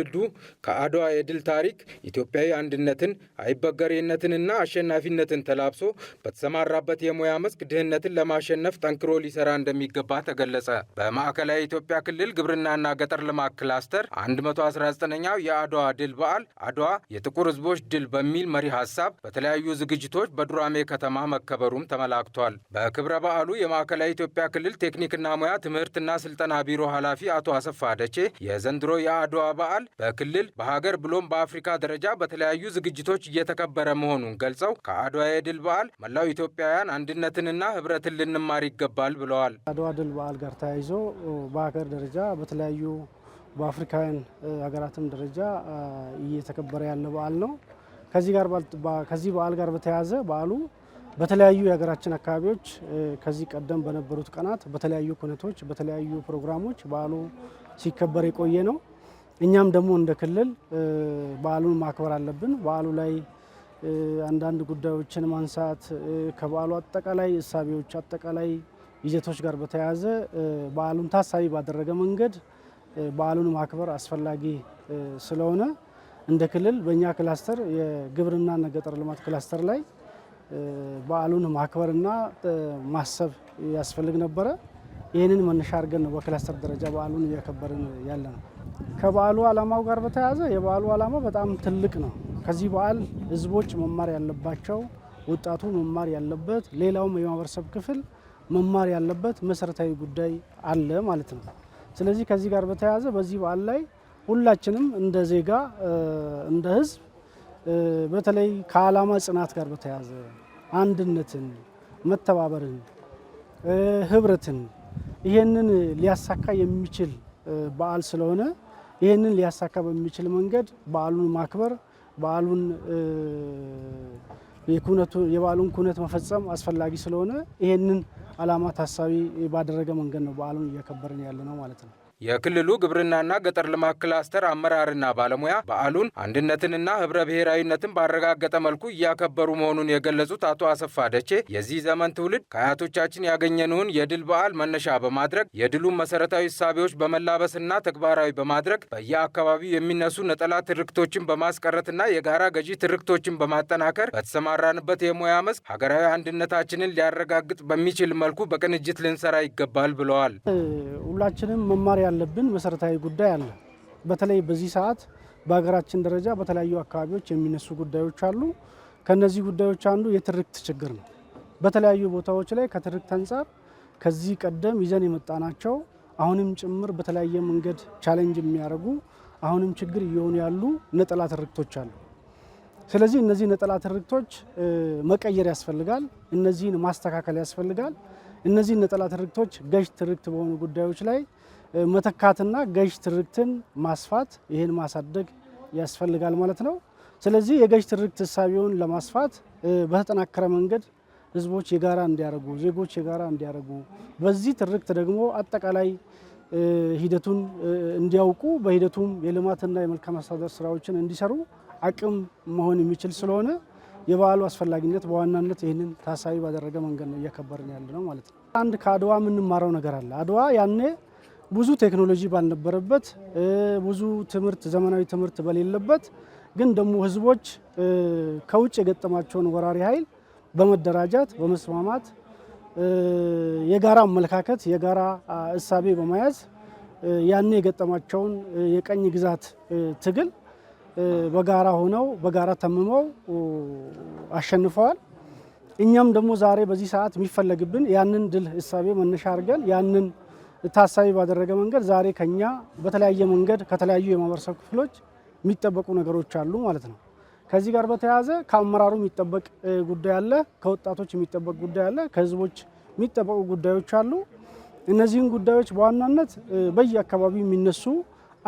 ትውልዱ ከአድዋ የድል ታሪክ ኢትዮጵያዊ አንድነትን አይበገሬነትንና አሸናፊነትን ተላብሶ በተሰማራበት የሙያ መስክ ድህነትን ለማሸነፍ ጠንክሮ ሊሰራ እንደሚገባ ተገለጸ። በማዕከላዊ ኢትዮጵያ ክልል ግብርናና ገጠር ልማት ክላስተር 119ኛው የአድዋ ድል በዓል አድዋ የጥቁር ህዝቦች ድል በሚል መሪ ሀሳብ በተለያዩ ዝግጅቶች በዱራሜ ከተማ መከበሩም ተመላክቷል። በክብረ በዓሉ የማዕከላዊ ኢትዮጵያ ክልል ቴክኒክና ሙያ ትምህርትና ስልጠና ቢሮ ኃላፊ አቶ አሰፋ ደቼ የዘንድሮ የአድዋ በዓል በክልል በሀገር ብሎም በአፍሪካ ደረጃ በተለያዩ ዝግጅቶች እየተከበረ መሆኑን ገልጸው ከአድዋ የድል በዓል መላው ኢትዮጵያውያን አንድነትንና ህብረትን ልንማር ይገባል ብለዋል። አድዋ ድል በዓል ጋር ተያይዞ በሀገር ደረጃ በተለያዩ በአፍሪካውያን ሀገራትም ደረጃ እየተከበረ ያለ በዓል ነው። ከዚህ ጋር ከዚህ በዓል ጋር በተያያዘ በዓሉ በተለያዩ የሀገራችን አካባቢዎች ከዚህ ቀደም በነበሩት ቀናት በተለያዩ ኩነቶች፣ በተለያዩ ፕሮግራሞች በዓሉ ሲከበር የቆየ ነው። እኛም ደግሞ እንደ ክልል በዓሉን ማክበር አለብን። በዓሉ ላይ አንዳንድ ጉዳዮችን ማንሳት ከበዓሉ አጠቃላይ እሳቤዎች፣ አጠቃላይ ይዘቶች ጋር በተያያዘ በዓሉን ታሳቢ ባደረገ መንገድ በዓሉን ማክበር አስፈላጊ ስለሆነ እንደ ክልል በእኛ ክላስተር የግብርናና ገጠር ልማት ክላስተር ላይ በዓሉን ማክበርና ማሰብ ያስፈልግ ነበረ። ይህንን መነሻ አድርገን ነው በክላስተር ደረጃ በዓሉን እያከበርን ያለ ነው። ከበዓሉ ዓላማው ጋር በተያያዘ የበዓሉ ዓላማ በጣም ትልቅ ነው። ከዚህ በዓል ህዝቦች መማር ያለባቸው፣ ወጣቱ መማር ያለበት፣ ሌላውም የማህበረሰብ ክፍል መማር ያለበት መሰረታዊ ጉዳይ አለ ማለት ነው። ስለዚህ ከዚህ ጋር በተያያዘ በዚህ በዓል ላይ ሁላችንም እንደ ዜጋ እንደ ህዝብ በተለይ ከዓላማ ጽናት ጋር በተያያዘ አንድነትን፣ መተባበርን፣ ህብረትን ይሄንን ሊያሳካ የሚችል በዓል ስለሆነ ይህንን ሊያሳካ በሚችል መንገድ በዓሉን ማክበር በዓሉን የበዓሉን ኩነት መፈጸም አስፈላጊ ስለሆነ ይህንን ዓላማ ታሳቢ ባደረገ መንገድ ነው በዓሉን እያከበርን ያለ ነው ማለት ነው። የክልሉ ግብርናና ገጠር ልማት ክላስተር አመራርና ባለሙያ በዓሉን አንድነትንና ህብረ ብሔራዊነትን ባረጋገጠ መልኩ እያከበሩ መሆኑን የገለጹት አቶ አሰፋ ደቼ የዚህ ዘመን ትውልድ ከአያቶቻችን ያገኘነውን የድል በዓል መነሻ በማድረግ የድሉን መሰረታዊ እሳቤዎች በመላበስና ተግባራዊ በማድረግ በየአካባቢው የሚነሱ ነጠላ ትርክቶችን በማስቀረትና የጋራ ገዢ ትርክቶችን በማጠናከር በተሰማራንበት የሙያ መስክ ሀገራዊ አንድነታችንን ሊያረጋግጥ በሚችል መልኩ በቅንጅት ልንሰራ ይገባል ብለዋል። ሁላችንም መማር ያለብን መሰረታዊ ጉዳይ አለ። በተለይ በዚህ ሰዓት በሀገራችን ደረጃ በተለያዩ አካባቢዎች የሚነሱ ጉዳዮች አሉ። ከነዚህ ጉዳዮች አንዱ የትርክት ችግር ነው። በተለያዩ ቦታዎች ላይ ከትርክት አንጻር ከዚህ ቀደም ይዘን የመጣናቸው አሁንም ጭምር በተለያየ መንገድ ቻሌንጅ የሚያደርጉ አሁንም ችግር እየሆኑ ያሉ ነጠላ ትርክቶች አሉ። ስለዚህ እነዚህ ነጠላ ትርክቶች መቀየር ያስፈልጋል። እነዚህን ማስተካከል ያስፈልጋል። እነዚህ ነጠላ ትርክቶች ገዥ ትርክት በሆኑ ጉዳዮች ላይ መተካትና ገዥ ትርክትን ማስፋት ይህን ማሳደግ ያስፈልጋል ማለት ነው። ስለዚህ የገዥ ትርክት እሳቤውን ለማስፋት በተጠናከረ መንገድ ህዝቦች የጋራ እንዲያደርጉ፣ ዜጎች የጋራ እንዲያደርጉ፣ በዚህ ትርክት ደግሞ አጠቃላይ ሂደቱን እንዲያውቁ፣ በሂደቱም የልማትና የመልካም አስተዳደር ስራዎችን እንዲሰሩ አቅም መሆን የሚችል ስለሆነ የበዓሉ አስፈላጊነት በዋናነት ይህንን ታሳቢ ባደረገ መንገድ ነው እያከበርን ያለ ነው ማለት ነው። አንድ ከአድዋ የምንማረው ነገር አለ። አድዋ ያኔ ብዙ ቴክኖሎጂ ባልነበረበት፣ ብዙ ትምህርት ዘመናዊ ትምህርት በሌለበት ግን ደግሞ ህዝቦች ከውጭ የገጠማቸውን ወራሪ ኃይል በመደራጃት በመስማማት የጋራ አመለካከት የጋራ እሳቤ በመያዝ ያኔ የገጠማቸውን የቀኝ ግዛት ትግል በጋራ ሆነው በጋራ ተምመው አሸንፈዋል። እኛም ደግሞ ዛሬ በዚህ ሰዓት የሚፈለግብን ያንን ድል እሳቤ መነሻ አድርገን ያንን ታሳቢ ባደረገ መንገድ ዛሬ ከኛ በተለያየ መንገድ ከተለያዩ የማህበረሰብ ክፍሎች የሚጠበቁ ነገሮች አሉ ማለት ነው። ከዚህ ጋር በተያያዘ ከአመራሩ የሚጠበቅ ጉዳይ አለ፣ ከወጣቶች የሚጠበቅ ጉዳይ አለ፣ ከህዝቦች የሚጠበቁ ጉዳዮች አሉ። እነዚህን ጉዳዮች በዋናነት በየአካባቢው የሚነሱ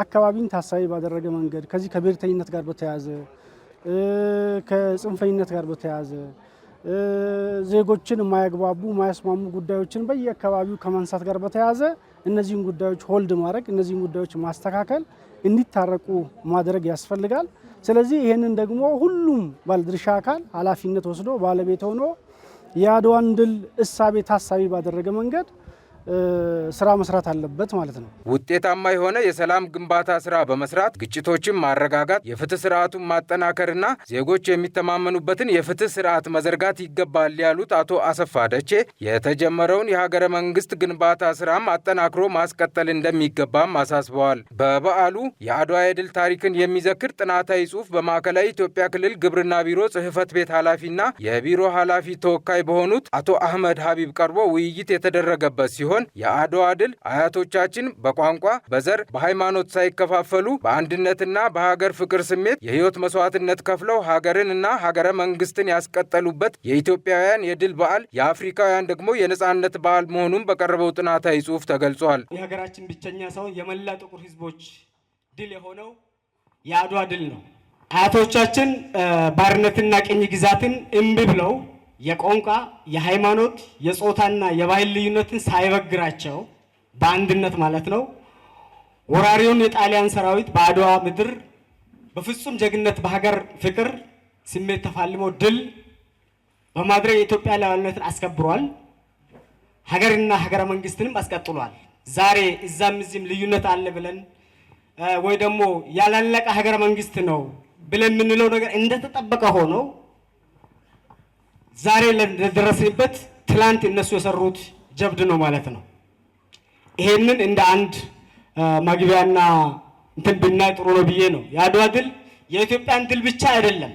አካባቢን ታሳቢ ባደረገ መንገድ ከዚህ ከብሔርተኝነት ጋር በተያያዘ ከጽንፈኝነት ጋር በተያያዘ ዜጎችን የማያግባቡ የማያስማሙ ጉዳዮችን በየአካባቢው ከማንሳት ጋር በተያያዘ እነዚህን ጉዳዮች ሆልድ ማድረግ፣ እነዚህን ጉዳዮች ማስተካከል፣ እንዲታረቁ ማድረግ ያስፈልጋል። ስለዚህ ይህንን ደግሞ ሁሉም ባለድርሻ አካል ኃላፊነት ወስዶ ባለቤት ሆኖ የአድዋን ድል እሳቤ ታሳቢ ባደረገ መንገድ ስራ መስራት አለበት ማለት ነው። ውጤታማ የሆነ የሰላም ግንባታ ስራ በመስራት ግጭቶችን ማረጋጋት፣ የፍትህ ስርዓቱን ማጠናከርና ዜጎች የሚተማመኑበትን የፍትህ ስርዓት መዘርጋት ይገባል ያሉት አቶ አሰፋ ደቼ የተጀመረውን የሀገረ መንግስት ግንባታ ስራም አጠናክሮ ማስቀጠል እንደሚገባም አሳስበዋል። በበዓሉ የአድዋ የድል ታሪክን የሚዘክር ጥናታዊ ጽሁፍ በማዕከላዊ ኢትዮጵያ ክልል ግብርና ቢሮ ጽህፈት ቤት ኃላፊና የቢሮ ኃላፊ ተወካይ በሆኑት አቶ አህመድ ሀቢብ ቀርቦ ውይይት የተደረገበት ሲሆን ሲሆን የአድዋ ድል አያቶቻችን በቋንቋ፣ በዘር፣ በሃይማኖት ሳይከፋፈሉ በአንድነትና በሀገር ፍቅር ስሜት የህይወት መስዋዕትነት ከፍለው ሀገርን እና ሀገረ መንግስትን ያስቀጠሉበት የኢትዮጵያውያን የድል በዓል የአፍሪካውያን ደግሞ የነጻነት በዓል መሆኑን በቀረበው ጥናታዊ ጽሑፍ ተገልጿል። የሀገራችን ብቸኛ ሰው የመላ ጥቁር ህዝቦች ድል የሆነው የአድዋ ድል ነው። አያቶቻችን ባርነትና ቅኝ ግዛትን እምቢ ብለው የቋንቋ፣ የሃይማኖት፣ የጾታና የባህል ልዩነትን ሳይበግራቸው በአንድነት ማለት ነው ወራሪውን የጣሊያን ሰራዊት በአድዋ ምድር በፍጹም ጀግነት በሀገር ፍቅር ስሜት ተፋልሞ ድል በማድረግ የኢትዮጵያ ሉዓላዊነትን አስከብሯል። ሀገርና ሀገረ መንግስትንም አስቀጥሏል። ዛሬ እዛም እዚህም ልዩነት አለ ብለን ወይ ደግሞ ያላለቀ ሀገረ መንግስት ነው ብለን የምንለው ነገር እንደተጠበቀ ሆኖ ዛሬ ለደረስንበት ትላንት እነሱ የሰሩት ጀብድ ነው ማለት ነው። ይሄንን እንደ አንድ መግቢያና እንትን ብናይ ጥሩ ነው ብዬ ነው። የአድዋ ድል የኢትዮጵያን ድል ብቻ አይደለም።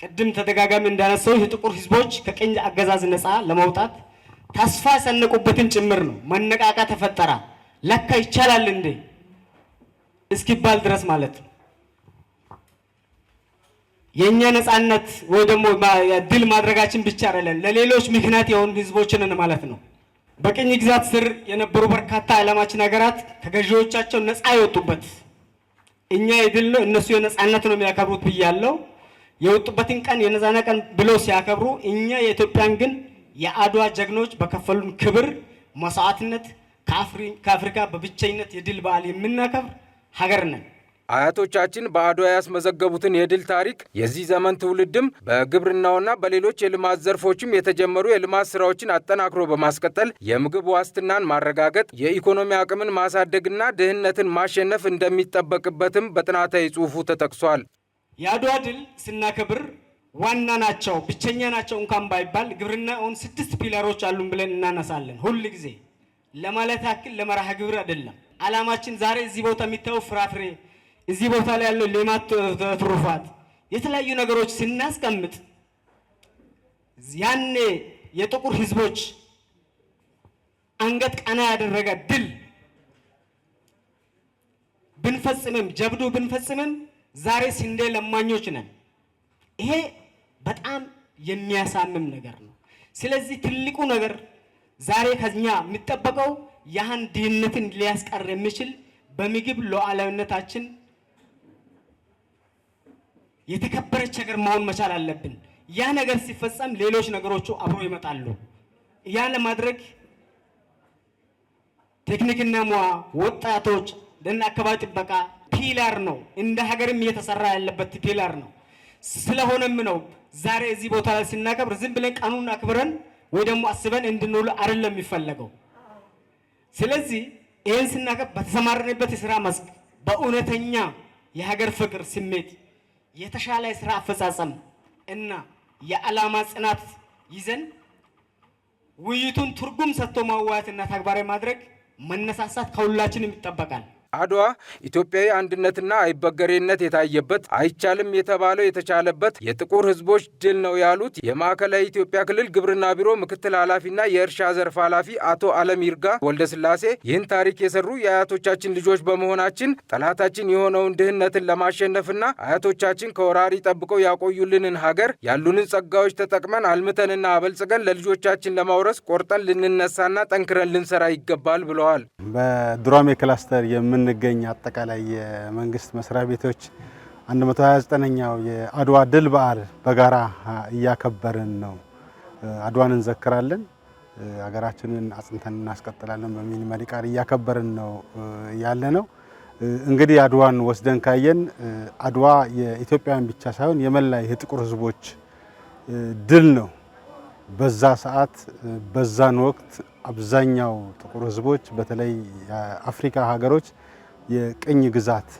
ቅድም ተደጋጋሚ እንዳነሳው የጥቁር ሕዝቦች ከቅኝ አገዛዝ ነፃ ለመውጣት ተስፋ የሰነቁበትን ጭምር ነው። መነቃቃ ተፈጠራ ለካ ይቻላል እንዴ እስኪባል ድረስ ማለት ነው። የእኛ ነፃነት ወይ ደግሞ ድል ማድረጋችን ብቻ አይደለም፣ ለሌሎች ምክንያት የሆኑ ህዝቦችንን ማለት ነው። በቅኝ ግዛት ስር የነበሩ በርካታ የዓለማችን ሀገራት ከገዢዎቻቸው ነፃ የወጡበት እኛ የድል ነው እነሱ የነፃነት ነው የሚያከብሩት ብያለው። የወጡበትን ቀን የነፃነ ቀን ብለው ሲያከብሩ እኛ የኢትዮጵያን ግን የአድዋ ጀግኖች በከፈሉን ክብር መስዋዕትነት ከአፍሪካ በብቸኝነት የድል በዓል የምናከብር ሀገር ነን። አያቶቻችን በአድዋ ያስመዘገቡትን የድል ታሪክ የዚህ ዘመን ትውልድም በግብርናውና በሌሎች የልማት ዘርፎችም የተጀመሩ የልማት ስራዎችን አጠናክሮ በማስቀጠል የምግብ ዋስትናን ማረጋገጥ፣ የኢኮኖሚ አቅምን ማሳደግና ድህነትን ማሸነፍ እንደሚጠበቅበትም በጥናታዊ ጽሑፉ ተጠቅሷል። የአድዋ ድል ስናከብር ዋና ናቸው ብቸኛ ናቸው እንኳን ባይባል ግብርናውን ስድስት ፒለሮች አሉን ብለን እናነሳለን ሁል ጊዜ ለማለት ያክል ለመርሃ ግብር አይደለም። አላማችን ዛሬ እዚህ ቦታ የሚታየው ፍራፍሬ እዚህ ቦታ ላይ ያለው ሌማት ትሩፋት፣ የተለያዩ ነገሮች ስናስቀምጥ ያኔ የጥቁር ህዝቦች አንገት ቀና ያደረገ ድል ብንፈጽምም ጀብዱ ብንፈጽምም ዛሬ ስንዴ ለማኞች ነን። ይሄ በጣም የሚያሳምም ነገር ነው። ስለዚህ ትልቁ ነገር ዛሬ ከኛ የሚጠበቀው ያህን ድህነትን ሊያስቀር የሚችል በምግብ ሉዓላዊነታችን የተከበረች ሀገር መሆን መቻል አለብን። ያ ነገር ሲፈጸም ሌሎች ነገሮቹ አብሮ ይመጣሉ። ያ ለማድረግ ቴክኒክና ሙያ፣ ወጣቶች፣ ደን አካባቢ ጥበቃ ፒላር ነው። እንደ ሀገርም እየተሰራ ያለበት ፒላር ነው። ስለሆነም ነው ዛሬ እዚህ ቦታ ላይ ስናከብር ዝም ብለን ቀኑን አክብረን ወይ ደግሞ አስበን እንድንውል አይደለም የሚፈለገው። ስለዚህ ይህን ስናከብር በተሰማርንበት የስራ መስክ በእውነተኛ የሀገር ፍቅር ስሜት የተሻለ የስራ አፈጻጸም እና የዓላማ ጽናት ይዘን ውይይቱን ትርጉም ሰጥቶ ማዋያትና ተግባራዊ ማድረግ መነሳሳት ከሁላችንም ይጠበቃል። አድዋ ኢትዮጵያዊ አንድነትና አይበገሬነት የታየበት አይቻልም የተባለው የተቻለበት የጥቁር ህዝቦች ድል ነው ያሉት የማዕከላዊ ኢትዮጵያ ክልል ግብርና ቢሮ ምክትል ኃላፊና የእርሻ ዘርፍ ኃላፊ አቶ አለም ይርጋ ወልደስላሴ ይህን ታሪክ የሰሩ የአያቶቻችን ልጆች በመሆናችን ጠላታችን የሆነውን ድህነትን ለማሸነፍና አያቶቻችን ከወራሪ ጠብቀው ያቆዩልንን ሀገር ያሉንን ጸጋዎች ተጠቅመን አልምተንና አበልጽገን ለልጆቻችን ለማውረስ ቆርጠን ልንነሳና ጠንክረን ልንሰራ ይገባል ብለዋል። በዱራሜ ክላስተር የምን የምንገኝ አጠቃላይ የመንግስት መስሪያ ቤቶች 129ኛው የአድዋ ድል በዓል በጋራ እያከበርን ነው። አድዋን እንዘክራለን፣ ሀገራችንን አጽንተን እናስቀጥላለን በሚል መሪ ቃል እያከበርን ነው ያለ ነው። እንግዲህ አድዋን ወስደን ካየን አድዋ የኢትዮጵያን ብቻ ሳይሆን የመላ የጥቁር ህዝቦች ድል ነው። በዛ ሰዓት በዛን ወቅት አብዛኛው ጥቁር ህዝቦች በተለይ የአፍሪካ ሀገሮች የቅኝ ግዛት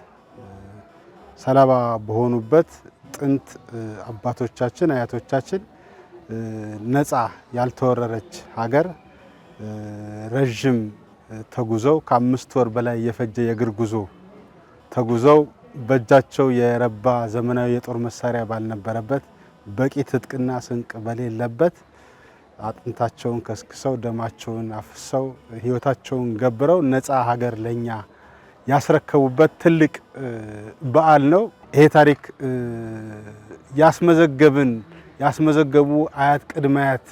ሰለባ በሆኑበት ጥንት አባቶቻችን አያቶቻችን ነፃ ያልተወረረች ሀገር ረዥም ተጉዘው ከአምስት ወር በላይ የፈጀ የእግር ጉዞ ተጉዘው በእጃቸው የረባ ዘመናዊ የጦር መሳሪያ ባልነበረበት በቂ ትጥቅና ስንቅ በሌለበት አጥንታቸውን ከስክሰው ደማቸውን አፍሰው ሕይወታቸውን ገብረው ነፃ ሀገር ለኛ ያስረከቡበት ትልቅ በዓል ነው። ይሄ ታሪክ ያስመዘገብን ያስመዘገቡ አያት ቅድመ አያት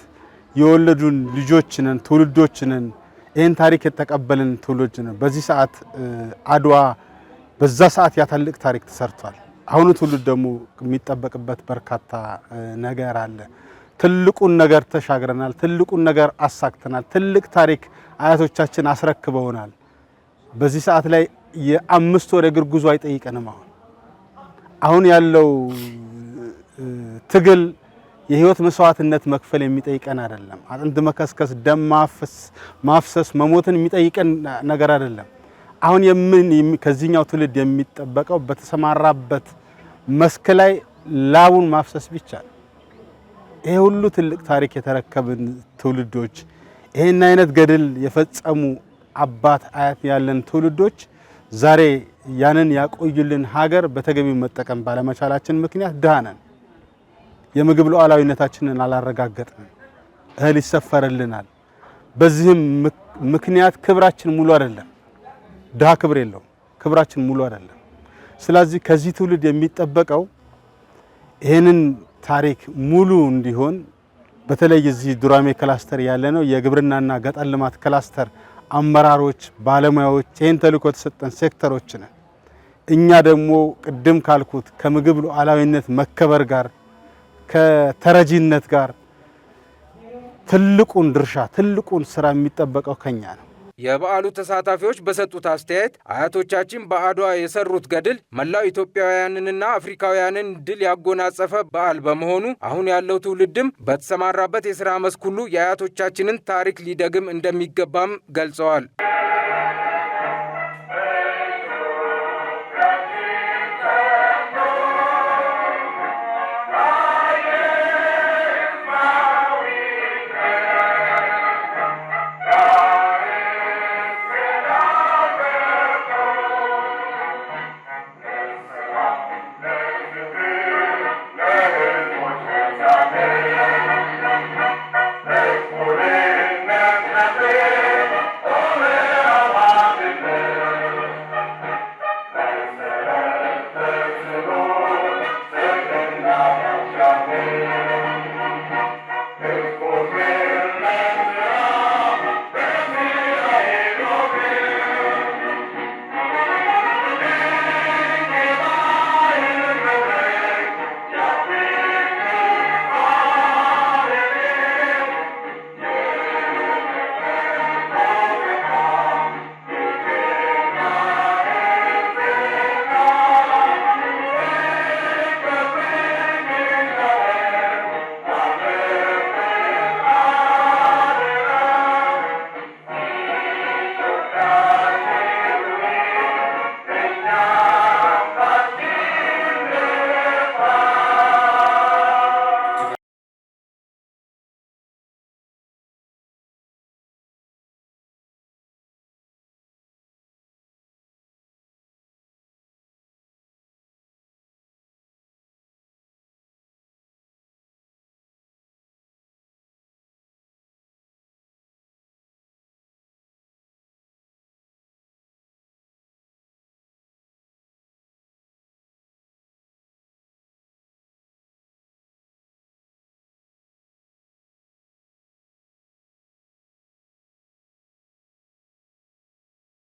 የወለዱን ልጆችንን ትውልዶችንን ይህን ታሪክ የተቀበልን ትውልዶች በዚህ ሰዓት አድዋ በዛ ሰዓት ያ ትልቅ ታሪክ ተሰርቷል። አሁኑ ትውልድ ደግሞ የሚጠበቅበት በርካታ ነገር አለ። ትልቁን ነገር ተሻግረናል። ትልቁን ነገር አሳክተናል። ትልቅ ታሪክ አያቶቻችን አስረክበውናል። በዚህ ሰዓት ላይ የአምስት ወር እግር ጉዞ አይጠይቀንም። አሁን አሁን ያለው ትግል የህይወት መስዋዕትነት መክፈል የሚጠይቀን አይደለም። አጥንት መከስከስ፣ ደም ማፍሰስ፣ መሞትን የሚጠይቀን ነገር አይደለም። አሁን የምን ከዚህኛው ትውልድ የሚጠበቀው በተሰማራበት መስክ ላይ ላቡን ማፍሰስ ብቻ። ይሄ ሁሉ ትልቅ ታሪክ የተረከብን ትውልዶች፣ ይሄን አይነት ገድል የፈጸሙ አባት አያት ያለን ትውልዶች ዛሬ ያንን ያቆዩልን ሀገር በተገቢው መጠቀም ባለመቻላችን ምክንያት ድሃ ነን። የምግብ ሉዓላዊነታችንን አላረጋገጥንም። እህል ይሰፈርልናል። በዚህም ምክንያት ክብራችን ሙሉ አይደለም። ድሃ ክብር የለውም። ክብራችን ሙሉ አይደለም። ስለዚህ ከዚህ ትውልድ የሚጠበቀው ይህንን ታሪክ ሙሉ እንዲሆን በተለይ እዚህ ዱራሜ ክላስተር ያለ ነው የግብርናና ገጠር ልማት ክላስተር አመራሮች፣ ባለሙያዎች ይህን ተልእኮ የተሰጠን ሴክተሮች ነን። እኛ ደግሞ ቅድም ካልኩት ከምግብ ሉዓላዊነት መከበር ጋር ከተረጂነት ጋር ትልቁን ድርሻ ትልቁን ስራ የሚጠበቀው ከኛ ነው። የበዓሉ ተሳታፊዎች በሰጡት አስተያየት አያቶቻችን በአድዋ የሰሩት ገድል መላው ኢትዮጵያውያንንና አፍሪካውያንን ድል ያጎናጸፈ በዓል በመሆኑ አሁን ያለው ትውልድም በተሰማራበት የሥራ መስክ ሁሉ የአያቶቻችንን ታሪክ ሊደግም እንደሚገባም ገልጸዋል።